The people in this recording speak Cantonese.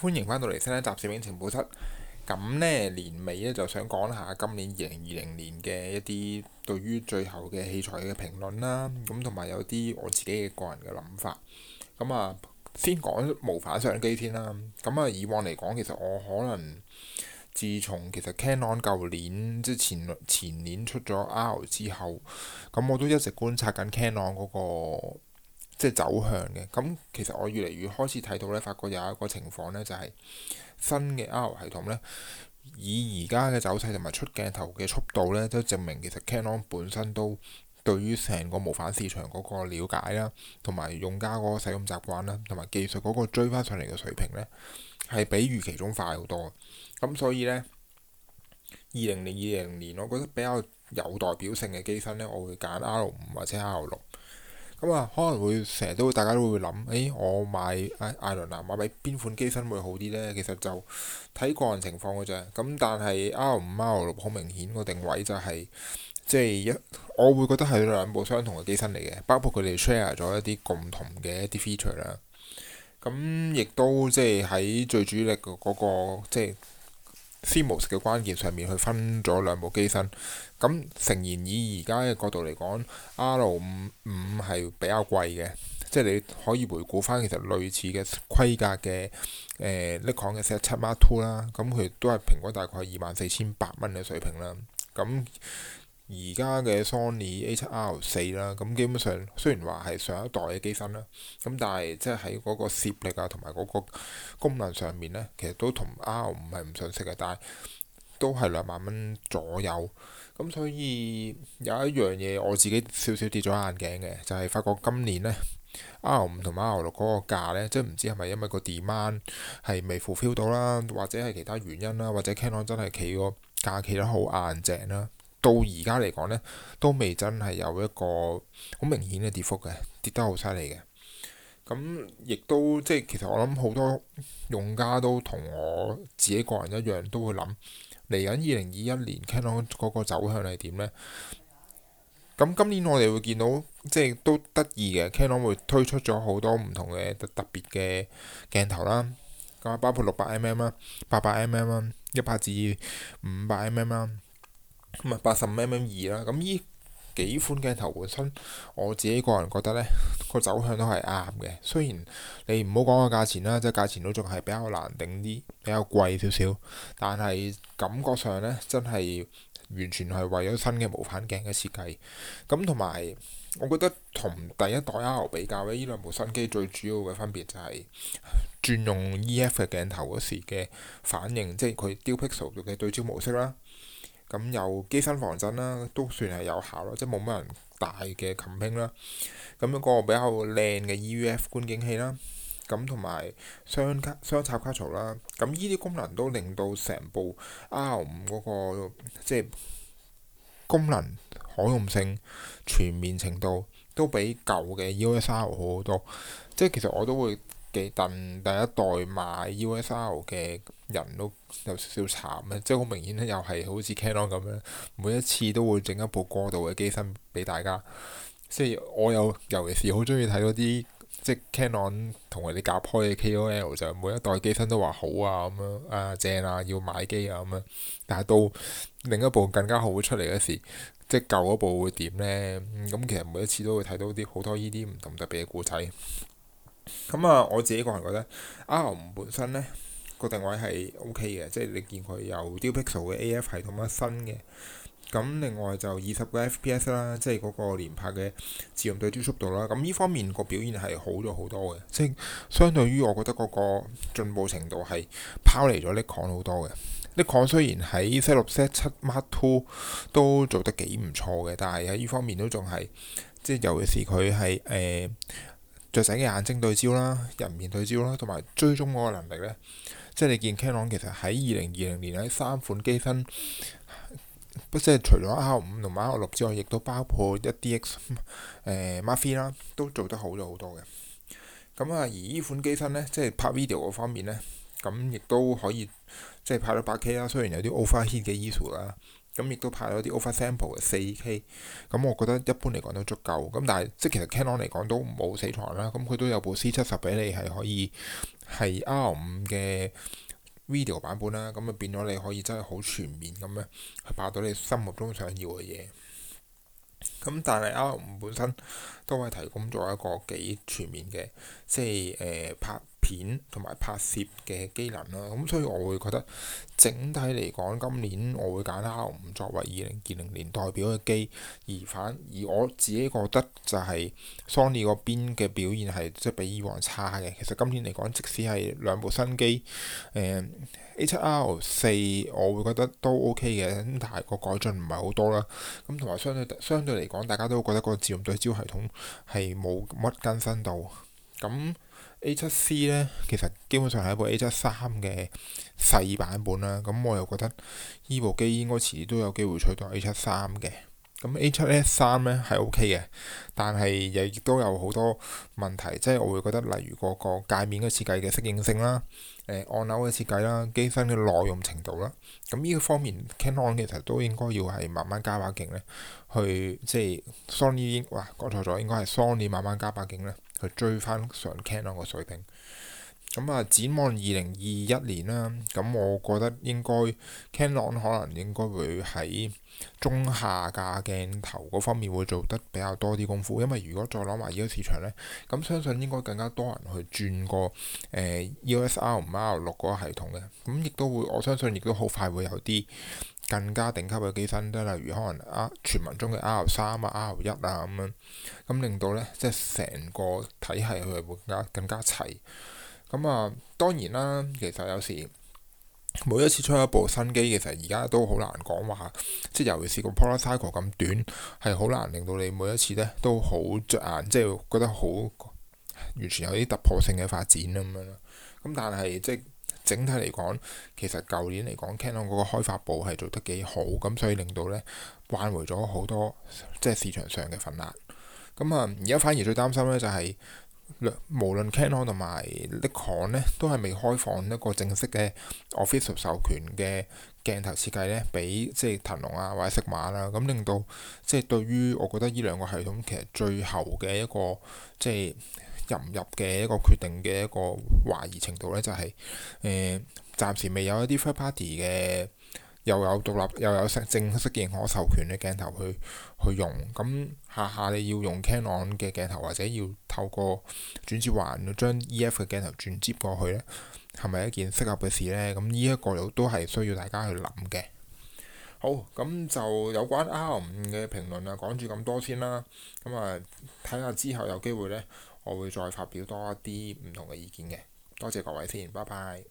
歡迎翻到嚟新一集攝影情報室。咁呢年尾咧就想講下今年二零二零年嘅一啲對於最後嘅器材嘅評論啦。咁同埋有啲我自己嘅個人嘅諗法。咁啊，先講無反相機先啦。咁啊，以往嚟講其實我可能自從其實 Canon 舊年即係前前年出咗 R 之後，咁我都一直觀察緊 Canon 嗰個。即係走向嘅，咁其實我越嚟越開始睇到呢，發覺有一個情況呢，就係、是、新嘅 R 系統呢，以而家嘅走勢同埋出鏡頭嘅速度呢，都證明其實 Canon 本身都對於成個無反市場嗰個瞭解啦，同埋用家嗰個使用習慣啦，同埋技術嗰個追翻上嚟嘅水平呢，係比預期中快好多嘅。咁所以呢，二零二零年我覺得比較有代表性嘅機身呢，我會揀 R 五或者 R 六。咁啊、嗯，可能會成日都會大家都會諗，誒、哎，我買艾艾倫藍買俾邊款機身會好啲呢？其實就睇個人情況嘅啫。咁但係 R 五、R 六好明顯個定位就係即係一，我會覺得係兩部相同嘅機身嚟嘅，包括佢哋 share 咗一啲共同嘅一啲 feature 啦。咁亦都即係喺最主力嘅嗰個即係。就是 CMOS 嘅關鍵上面，佢分咗兩部機身。咁誠然以而家嘅角度嚟講，R 五五係比較貴嘅，即係你可以回顧翻，其實類似嘅規格嘅誒，Nikon 嘅 Z7 Mark Two 啦，咁、呃、佢都係平均大概二萬四千八蚊嘅水平啦。咁而家嘅 Sony A 七 R 四啦，咁基本上雖然話係上一代嘅機身啦，咁但係即係喺嗰個攝力啊同埋嗰個功能上面呢，其實都同 R 五係唔相識嘅，但係都係兩萬蚊左右。咁所以有一樣嘢我自己少少跌咗眼鏡嘅，就係、是、發覺今年呢 R 五同 R 六嗰個價呢，即係唔知係咪因為個 demand 係未 fulfil 到啦，或者係其他原因啦，或者 Canon 真係企個價企得好硬淨啦。到而家嚟講呢，都未真係有一個好明顯嘅跌幅嘅，跌得好犀利嘅。咁亦都即係其實我諗好多用家都同我自己個人一樣都會諗嚟緊二零二一年 Canon 嗰個走向係點呢？咁今年我哋會見到即係都得意嘅 Canon 會推出咗好多唔同嘅特特別嘅鏡頭啦，咁啊包括六百 mm 啦、mm、八百 mm 啦、一百至五百 mm 啦。咁啊，八十五 mm 二啦，咁依幾款鏡頭本身，我自己個人覺得咧，個走向都係啱嘅。雖然你唔好講個價錢啦，即係價錢都仲係比較難頂啲，比較貴少少，但係感覺上咧，真係完全係為咗新嘅無反鏡嘅設計，咁同埋我覺得同第一代 R、L、比較咧，呢兩部新機最主要嘅分別就係轉用 EF 嘅鏡頭嗰時嘅反應，即係佢 Dual Pixel 嘅對焦模式啦。咁有機身防震啦，都算係有效咯，即係冇乜人大嘅鰭拼啦。咁、嗯、一個比較靚嘅 EVF 觀景器啦，咁同埋雙卡雙插卡槽啦。咁呢啲功能都令到成部 R 五，嗰個，即、就、係、是、功能可用性全面程度都比舊嘅 EOS R 好好多。即係其實我都會。幾頓第一代買 USR 嘅人都有少少慘咧，即係好明顯咧，又係好似 Canon 咁樣，每一次都會整一部過渡嘅機身俾大家。即係我有，尤其是好中意睇嗰啲即係 Canon 同人哋夾開嘅 KOL，就每一代機身都話好啊咁樣啊正啊，要買機啊咁樣。但係到另一部更加好出嚟嗰時，即係舊嗰部會點咧？咁、嗯、其實每一次都會睇到啲好多呢啲唔同特別嘅故仔。咁啊，我自己個人覺得，R 五本身咧個定位係 O K 嘅，即係你見佢有 Dual Pixel 嘅 A F 系統啊，新嘅。咁另外就二十個 F P S 啦，即係嗰個連拍嘅自動對焦速度啦。咁呢方面個表現係好咗好多嘅，即係相對於我覺得嗰個進步程度係拋離咗 Nikon 好多嘅。Nikon 雖然喺 Z6 Z7 Mark Two 都做得幾唔錯嘅，但係喺呢方面都仲係，即係尤其是佢係誒。呃雀仔嘅眼睛對焦啦、人面對焦啦，同埋追蹤嗰個能力咧，即係你見 Canon 其實喺二零二零年喺三款機身，不即係除咗 R 五同 R 六之外，亦都包括一 D X 誒、呃、Mafi 啦，都做得好咗好多嘅。咁啊，而呢款機身咧，即係拍 video 嗰方面咧，咁亦都可以即係拍到八 K 啦，雖然有啲 overheat 嘅 issue 啦。咁亦都拍咗啲 over sample 嘅四 K，咁我覺得一般嚟講都足夠，咁但係即係其實 Canon 嚟講都冇死台啦，咁佢都有部 C 七十俾你係可以係 R 五嘅 video 版本啦，咁啊變咗你可以真係好全面咁樣去拍到你心目中想要嘅嘢。咁但係 R 五本身都係提供咗一個幾全面嘅，即係誒、呃、拍片同埋拍攝嘅機能啦。咁、嗯、所以我會覺得整體嚟講今年我會揀 R 五作為二零二零年代表嘅機，而反而我自己覺得就係 Sony 嗰邊嘅表現係即係比以往差嘅。其實今年嚟講即使係兩部新機誒、呃、A 七 R 四，我會覺得都 OK 嘅。咁但係個改進唔係好多啦。咁同埋相對相對嚟。講大家都覺得個自動對焦系統係冇乜更新到。咁 A 七 C 咧，其實基本上係一部 A 七三嘅細版本啦，咁我又覺得依部機應該遲啲都有機會取代 A 七三嘅。咁 A 七 S 三咧係 O K 嘅，但係又亦都有好多問題，即係我會覺得例如嗰個界面嘅設計嘅適應性啦、誒、呃、按鈕嘅設計啦、機身嘅耐用程度啦，咁呢個方面 Canon 其實都應該要係慢慢加把勁咧，去即係 Sony 哇講錯咗，應該係 Sony 慢慢加把勁咧，去追翻上 Canon 個水平。咁啊、嗯，展望二零二一年啦，咁、嗯、我覺得應該 Canon 可能應該會喺中下價鏡頭嗰方面會做得比較多啲功夫，因為如果再攞埋依個市場呢，咁、嗯、相信應該更加多人去轉過誒 EOS R 五、R 六嗰個系統嘅，咁、嗯、亦都會我相信亦都好快會有啲更加頂級嘅機身，即係例如可能啊傳聞中嘅 R 三啊、R 一啊咁樣，咁、嗯、令到呢，即係成個體系佢會更加更加齊。咁啊、嗯，當然啦，其實有時每一次出一部新機，其實而家都好難講話，即係尤其是個 product cycle 咁短，係好難令到你每一次咧都好着眼，即係覺得好完全有啲突破性嘅發展咁樣。咁但係即係整體嚟講，其實舊年嚟講，Canon 嗰個開發部係做得幾好，咁所以令到咧挽回咗好多即係市場上嘅份額。咁、嗯、啊，而家反而最擔心咧就係、是、～兩無論 Canon 同埋 Nikon 咧，都係未開放一個正式嘅 official 授權嘅鏡頭設計咧，俾即係騰龍啊或者 Sigma 啦，咁令到即係對於我覺得呢兩個系統其實最後嘅一個即係入唔入嘅一個決定嘅一個懷疑程度咧，就係、是、誒、呃、暫時未有一啲 third party 嘅。又有獨立又有成正式認可授權嘅鏡頭去去用，咁下下你要用 Canon 嘅鏡頭或者要透過轉接環將 EF 嘅鏡頭轉接過去呢？係咪一件適合嘅事呢？咁呢一個都都係需要大家去諗嘅。好，咁就有關 R 五嘅評論啊，講住咁多先啦。咁啊，睇下之後有機會呢，我會再發表多一啲唔同嘅意見嘅。多謝各位先，拜拜。